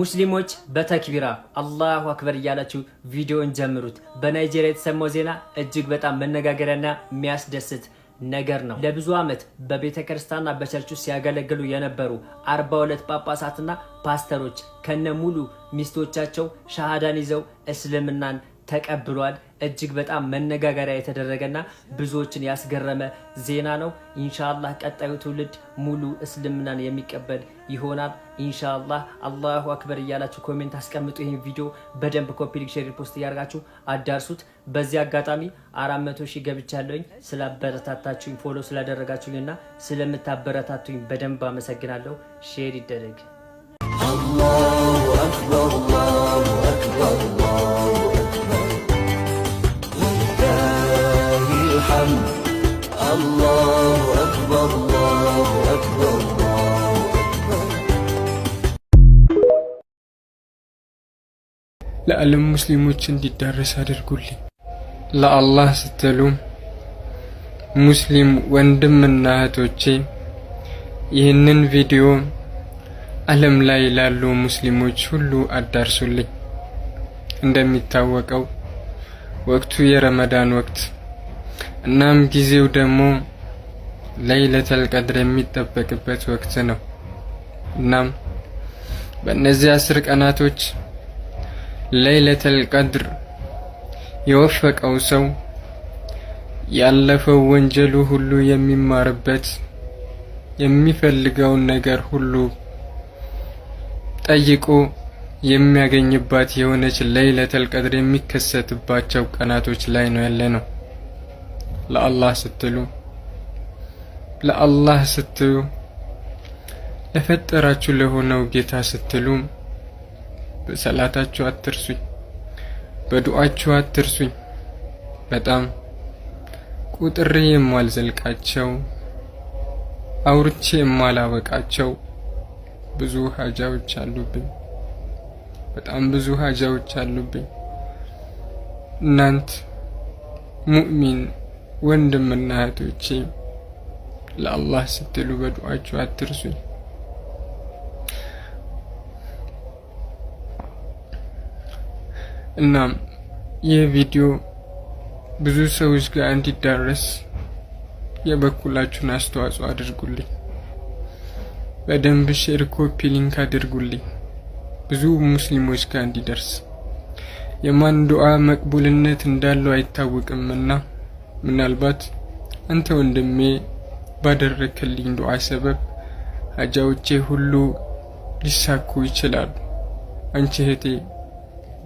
ሙስሊሞች በተክቢራ አላሁ አክበር እያላችሁ ቪዲዮን ጀምሩት። በናይጄሪያ የተሰማው ዜና እጅግ በጣም መነጋገሪያና የሚያስደስት ነገር ነው። ለብዙ ዓመት በቤተ ክርስቲያንና በቸርች ውስጥ ሲያገለግሉ የነበሩ 42 ጳጳሳትና ፓስተሮች ከነ ሙሉ ሚስቶቻቸው ሻሃዳን ይዘው እስልምናን ተቀብሏል። እጅግ በጣም መነጋገሪያ የተደረገና ብዙዎችን ያስገረመ ዜና ነው። ኢንሻአላህ ቀጣዩ ትውልድ ሙሉ እስልምናን የሚቀበል ይሆናል። ኢንሻአላህ አላሁ አክበር እያላችሁ ኮሜንት አስቀምጡ። ይህን ቪዲዮ በደንብ ኮፒ፣ ሼር፣ ፖስት እያደርጋችሁ አዳርሱት። በዚህ አጋጣሚ አራት መቶ ሺህ ገብቻለሁኝ። ስላበረታታችሁኝ፣ ፎሎ ስላደረጋችሁኝና ስለምታበረታቱኝ በደንብ አመሰግናለሁ። ሼር ይደረግ። አላሁ አክበር አላሁ አክበር ለዓለም ሙስሊሞች እንዲዳረስ አድርጉልኝ። ለአላህ ስትሉ ሙስሊም ወንድምና እህቶቼ ይህንን ቪዲዮ ዓለም ላይ ላሉ ሙስሊሞች ሁሉ አዳርሱልኝ። እንደሚታወቀው ወቅቱ የረመዳን ወቅት እናም ጊዜው ደግሞ ለይለተል ቀድር የሚጠበቅበት ወቅት ነው። እናም በእነዚህ አስር ቀናቶች ለይለተል ቀድር የወፈቀው ሰው ያለፈው ወንጀሉ ሁሉ የሚማርበት የሚፈልገውን ነገር ሁሉ ጠይቆ የሚያገኝባት የሆነች ለይለተል ቀድር የሚከሰትባቸው ቀናቶች ላይ ነው ያለ ነው። ለአላህ ስትሉ ለአላህ ስትሉ ለፈጠራችሁ ለሆነው ጌታ ስትሉ በሰላታችሁ አትርሱኝ፣ በዱዓችሁ አትርሱኝ። በጣም ቁጥሬ የማልዘልቃቸው አውርቼ የማላበቃቸው ብዙ ሀጃዎች አሉብኝ። በጣም ብዙ ሀጃዎች አሉብኝ። እናንት ሙእሚን ወንድምና እህቶቼ ለአላህ ስትሉ በዱዓችሁ አትርሱኝ። እናም ይህ ቪዲዮ ብዙ ሰዎች ጋር እንዲዳረስ የበኩላችሁን አስተዋጽኦ አድርጉልኝ። በደንብ ሼር፣ ኮፒ ሊንክ አድርጉልኝ ብዙ ሙስሊሞች ጋር እንዲደርስ። የማን ዱዓ መቅቡልነት እንዳለው አይታወቅምና ምናልባት አንተ ወንድሜ ባደረክልኝ ዱዓ ሰበብ ሀጃዎቼ ሁሉ ሊሳኩ ይችላሉ። አንቺ እህቴ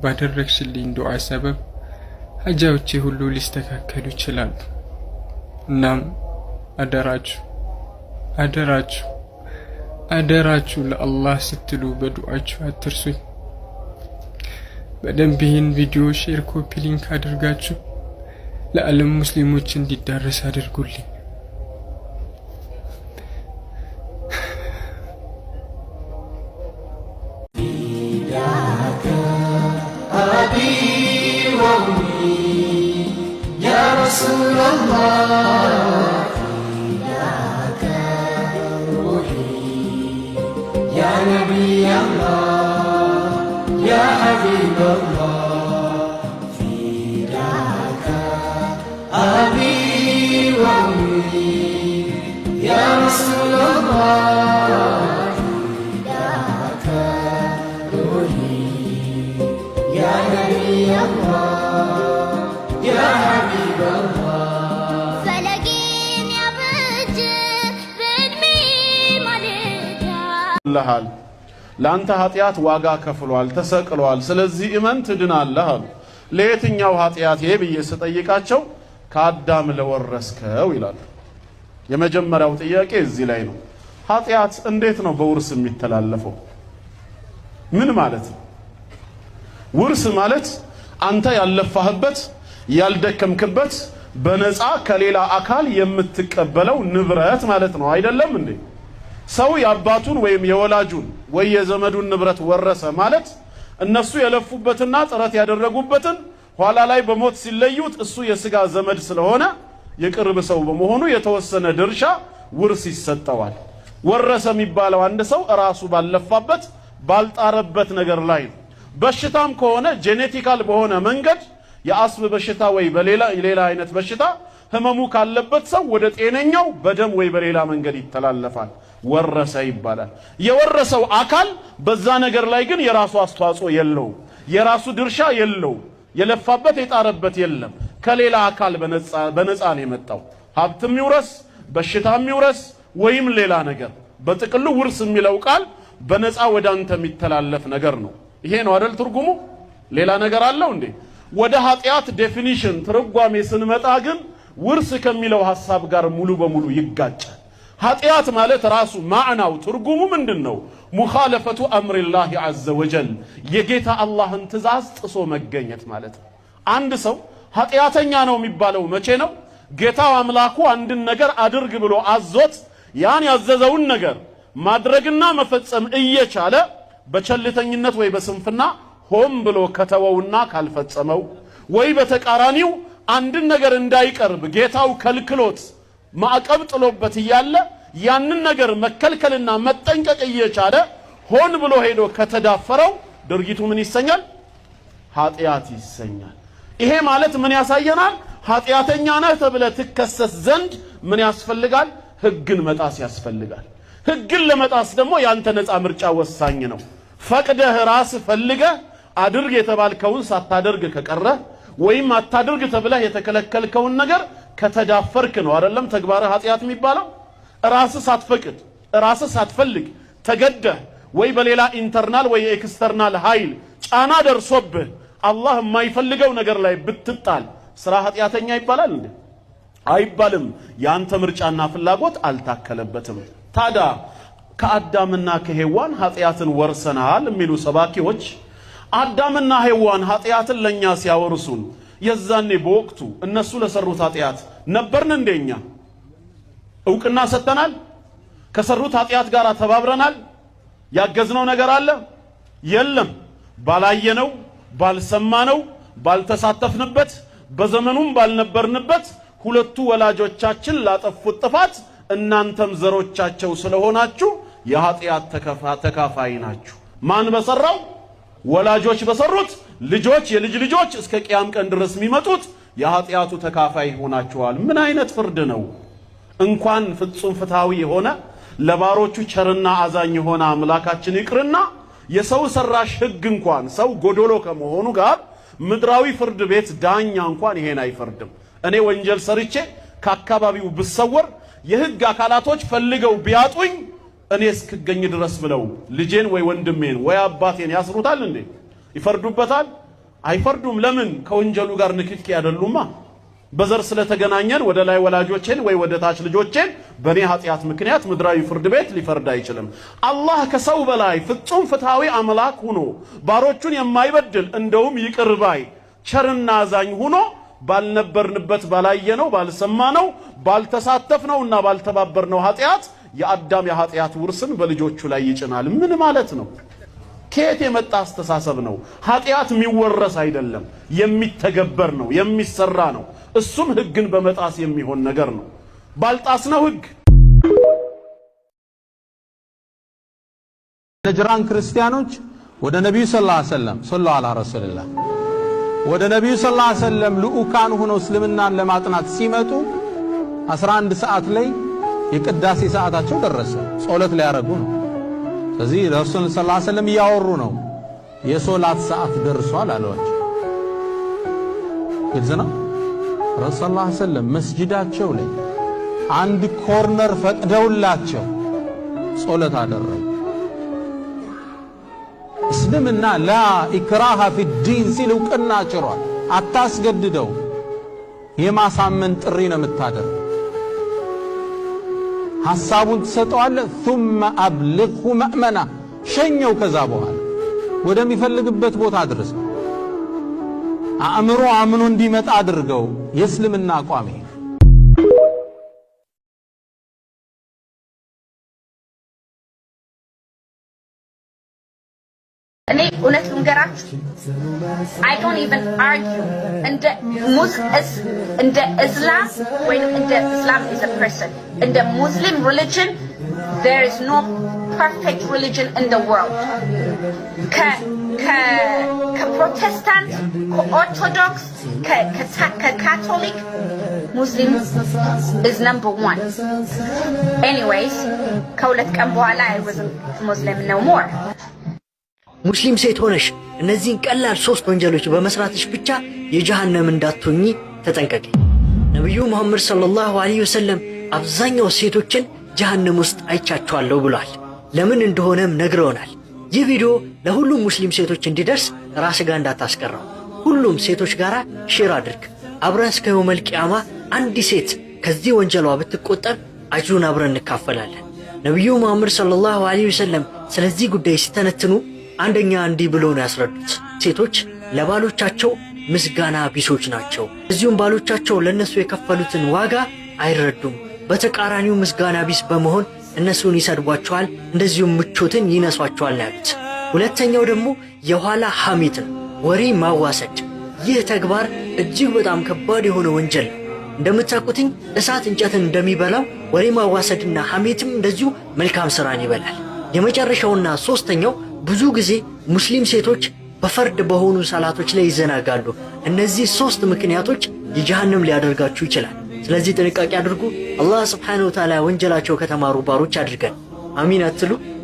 ባደረግሽልኝ ዱዓ ሰበብ ሀጃዎቼ ሁሉ ሊስተካከሉ ይችላሉ። እናም አደራችሁ አደራችሁ አደራችሁ ለአላህ ስትሉ በዱዓችሁ አትርሱኝ። በደንብ ይህን ቪዲዮ ሼር፣ ኮፒ ሊንክ አድርጋችሁ ለዓለም ሙስሊሞች እንዲዳረስ አድርጉልኝ። يا نبي ለአንተ ኃጢአት ዋጋ ከፍሏል፣ ተሰቅሏል። ስለዚህ እመን ትድናለህ አሉ። ለየትኛው ኃጢአቴ ብዬ ስጠይቃቸው ከአዳም ለወረስከው ይላሉ። የመጀመሪያው ጥያቄ እዚህ ላይ ነው። ኃጢአት እንዴት ነው በውርስ የሚተላለፈው? ምን ማለት ነው? ውርስ ማለት አንተ ያልለፋህበት ያልደከምክበት በነፃ ከሌላ አካል የምትቀበለው ንብረት ማለት ነው። አይደለም እንዴ? ሰው የአባቱን ወይም የወላጁን ወይ የዘመዱን ንብረት ወረሰ ማለት እነሱ የለፉበትና ጥረት ያደረጉበትን ኋላ ላይ በሞት ሲለዩት እሱ የስጋ ዘመድ ስለሆነ የቅርብ ሰው በመሆኑ የተወሰነ ድርሻ ውርስ ይሰጠዋል። ወረሰ የሚባለው አንድ ሰው እራሱ ባልለፋበት ባልጣረበት ነገር ላይ ነው። በሽታም ከሆነ ጄኔቲካል በሆነ መንገድ የአስም በሽታ ወይ በሌላ ሌላ አይነት በሽታ ህመሙ ካለበት ሰው ወደ ጤነኛው በደም ወይ በሌላ መንገድ ይተላለፋል። ወረሰ ይባላል። የወረሰው አካል በዛ ነገር ላይ ግን የራሱ አስተዋጽኦ የለውም፣ የራሱ ድርሻ የለው የለፋበት የጣረበት የለም። ከሌላ አካል በነፃ ነው የመጣው። ሀብትም ይውረስ፣ በሽታም ይውረስ ወይም ሌላ ነገር፣ በጥቅሉ ውርስ የሚለው ቃል በነፃ ወደ አንተ የሚተላለፍ ነገር ነው። ይሄ ነው አይደል ትርጉሙ? ሌላ ነገር አለው እንዴ? ወደ ኃጢአት ዴፊኒሽን ትርጓሜ ስንመጣ ግን ውርስ ከሚለው ሐሳብ ጋር ሙሉ በሙሉ ይጋጫል። ኃጢአት ማለት ራሱ ማዕናው ትርጉሙ ምንድን ነው? ሙኻለፈቱ አምሪላሂ ዐዘ ወጀል የጌታ አላህን ትእዛዝ ጥሶ መገኘት ማለት ነው። አንድ ሰው ኃጢአተኛ ነው የሚባለው መቼ ነው? ጌታው አምላኩ አንድን ነገር አድርግ ብሎ አዞት ያን ያዘዘውን ነገር ማድረግና መፈጸም እየቻለ በቸልተኝነት ወይ በስንፍና ሆም ብሎ ከተወውና ካልፈጸመው ወይ በተቃራኒው አንድን ነገር እንዳይቀርብ ጌታው ከልክሎት ማዕቀብ ጥሎበት እያለ ያንን ነገር መከልከልና መጠንቀቅ እየቻለ ሆን ብሎ ሄዶ ከተዳፈረው ድርጊቱ ምን ይሰኛል? ኃጢአት ይሰኛል። ይሄ ማለት ምን ያሳየናል? ኃጢአተኛ ነህ ተብለ ትከሰስ ዘንድ ምን ያስፈልጋል? ሕግን መጣስ ያስፈልጋል። ሕግን ለመጣስ ደግሞ ያንተ ነፃ ምርጫ ወሳኝ ነው። ፈቅደህ ራስ ፈልገህ አድርግ የተባልከውን ሳታደርግ ከቀረህ ወይም አታድርግ ተብለህ የተከለከልከውን ነገር ከተዳፈርክ ነው አይደለም ተግባርህ ኃጢአት የሚባለው። ራስህ ሳትፈቅድ ራስህ ሳትፈልግ ተገደህ ወይ በሌላ ኢንተርናል ወይ ኤክስተርናል ኃይል ጫና ደርሶብህ አላህ የማይፈልገው ነገር ላይ ብትጣል ስራ ኃጢአተኛ ይባላል እንዴ? አይባልም። የአንተ ምርጫና ፍላጎት አልታከለበትም። ታዲያ ከአዳምና ከሔዋን ኃጢአትን ወርሰናል የሚሉ ሰባኪዎች አዳምና ሔዋን ኃጢአትን ለእኛ ሲያወርሱን የዛኔ በወቅቱ እነሱ ለሰሩት ኃጢአት ነበርን እንደኛ እውቅና ሰጥተናል? ከሰሩት ኃጢአት ጋር ተባብረናል? ያገዝነው ነገር አለ? የለም። ባላየነው፣ ባልሰማነው፣ ባልተሳተፍንበት፣ በዘመኑም ባልነበርንበት ሁለቱ ወላጆቻችን ላጠፉት ጥፋት እናንተም ዘሮቻቸው ስለሆናችሁ የኃጢአት ተካፋይ ናችሁ። ማን በሰራው? ወላጆች በሰሩት ልጆች፣ የልጅ ልጆች እስከ ቅያም ቀን ድረስ የሚመጡት የኃጢአቱ ተካፋይ ሆናችኋል። ምን አይነት ፍርድ ነው? እንኳን ፍጹም ፍትሃዊ የሆነ ለባሮቹ ቸርና አዛኝ የሆነ አምላካችን ይቅርና የሰው ሰራሽ ሕግ እንኳን ሰው ጎዶሎ ከመሆኑ ጋር ምድራዊ ፍርድ ቤት ዳኛ እንኳን ይሄን አይፈርድም። እኔ ወንጀል ሰርቼ ከአካባቢው ብሰወር የሕግ አካላቶች ፈልገው ቢያጡኝ እኔ እስክገኝ ድረስ ብለው ልጄን ወይ ወንድሜን ወይ አባቴን ያስሩታል እንዴ? ይፈርዱበታል? አይፈርዱም። ለምን? ከወንጀሉ ጋር ንክኪ አይደሉማ። በዘር ስለተገናኘን ወደ ላይ ወላጆቼን ወይ ወደ ታች ልጆቼን በእኔ ኃጢአት ምክንያት ምድራዊ ፍርድ ቤት ሊፈርድ አይችልም። አላህ ከሰው በላይ ፍጹም ፍትሐዊ አምላክ ሁኖ ባሮቹን የማይበድል እንደውም ይቅርባይ ቸርና አዛኝ ሁኖ ባልነበርንበት ባላየነው ባልሰማነው ባልተሳተፍነውና ባልተባበርነው ኃጢአት የአዳም የኃጢአት ውርስን በልጆቹ ላይ ይጭናል። ምን ማለት ነው? ከየት የመጣ አስተሳሰብ ነው? ኃጢአት የሚወረስ አይደለም፣ የሚተገበር ነው፣ የሚሰራ ነው። እሱም ህግን በመጣስ የሚሆን ነገር ነው። ባልጣስ ነው ህግ ነጅራን ክርስቲያኖች ወደ ነቢዩ ሰለላሁ ዐለይሂ ወሰለም ሰለላሁ ዐላ ረሱልላህ ወደ ነቢዩ ሰለላሁ ዐለይሂ ወሰለም ልዑካን ሆነው እስልምናን ለማጥናት ሲመጡ 11 ሰዓት ላይ የቅዳሴ ሰዓታቸው ደረሰ። ጸሎት ሊያረጉ ነው። ስለዚህ ረሱል ሰለላሁ ዐለይሂ ወሰለም እያወሩ ነው። የሶላት ሰዓት ደርሷል አለዋቸው። ግልጽ ነው። ረሱል ሰለላሁ ዐለይሂ ወሰለም መስጂዳቸው ላይ አንድ ኮርነር ፈቅደውላቸው ጸሎት አደረጉ። እስልምና ላ ኢክራሃ ፊዲን ሲል እውቅና ጭሯል። አታስገድደው። የማሳመን ጥሪ ነው የምታደርግ ሐሳቡን ትሰጠዋለህ። ثم አብልغሁ መእመና ሸኘው። ከዛ በኋላ ወደሚፈልግበት ቦታ አድርሰው። አእምሮ አምኖ እንዲመጣ አድርገው። የእስልምና አቋም እኔ እውነት ልንገራችሁ አይ ዶንት ኢቨን አርጊው እንደ እንደ እስላም ወይም እንደ እስላም ኢዝ አ ፐርሰን እንደ ሙስሊም ሪሊጅን ዜር ኢዝ ኖ ፐርፌክት ሪሊጅን ኢን ዘ ወርልድ ከፕሮቴስታንት ከኦርቶዶክስ ከካቶሊክ ሙስሊም ኢዝ ነምበር ዋን። ኤኒዌይስ ከሁለት ቀን በኋላ አይ ዋዝ ሙስሊም ኖ ሞር ሙስሊም ሴት ሆነሽ እነዚህን ቀላል ሶስት ወንጀሎች በመስራትሽ ብቻ የጀሃነም እንዳትሆኚ ተጠንቀቂ። ነቢዩ ሙሐመድ ሰለላሁ ዐለይሂ ወሰለም አብዛኛው ሴቶችን ጀሃነም ውስጥ አይቻቸዋለሁ ብሏል። ለምን እንደሆነም ነግረውናል። ይህ ቪዲዮ ለሁሉም ሙስሊም ሴቶች እንዲደርስ ራስ ጋር እንዳታስቀረው፣ ሁሉም ሴቶች ጋር ሼር አድርግ። አብረን እስከ የውመል ቂያማ አንድ ሴት ከዚህ ወንጀሏ ብትቆጠብ አጅሩን አብረን እንካፈላለን። ነቢዩ ሙሐመድ ሰለላሁ ዐለይሂ ወሰለም ስለዚህ ጉዳይ ሲተነትኑ አንደኛ እንዲህ ብሎ ነው ያስረዱት። ሴቶች ለባሎቻቸው ምስጋና ቢሶች ናቸው። እዚሁም ባሎቻቸው ለእነሱ የከፈሉትን ዋጋ አይረዱም። በተቃራኒው ምስጋና ቢስ በመሆን እነሱን ይሰድቧቸዋል፣ እንደዚሁም ምቾትን ይነሷቸዋል ነው ያሉት። ሁለተኛው ደግሞ የኋላ ሐሜት ነው፣ ወሬ ማዋሰድ። ይህ ተግባር እጅግ በጣም ከባድ የሆነ ወንጀል ነው። እንደምታውቁትኝ እሳት እንጨትን እንደሚበላው ወሬ ማዋሰድና ሐሜትም እንደዚሁ መልካም ስራን ይበላል። የመጨረሻውና ሦስተኛው ብዙ ጊዜ ሙስሊም ሴቶች በፈርድ በሆኑ ሰላቶች ላይ ይዘናጋሉ። እነዚህ ሶስት ምክንያቶች የጀሃንም ሊያደርጋችሁ ይችላል። ስለዚህ ጥንቃቄ አድርጉ። አላህ ስብሓነሁ ወተዓላ ወንጀላቸው ከተማሩ ባሮች አድርገን። አሚን አትሉ?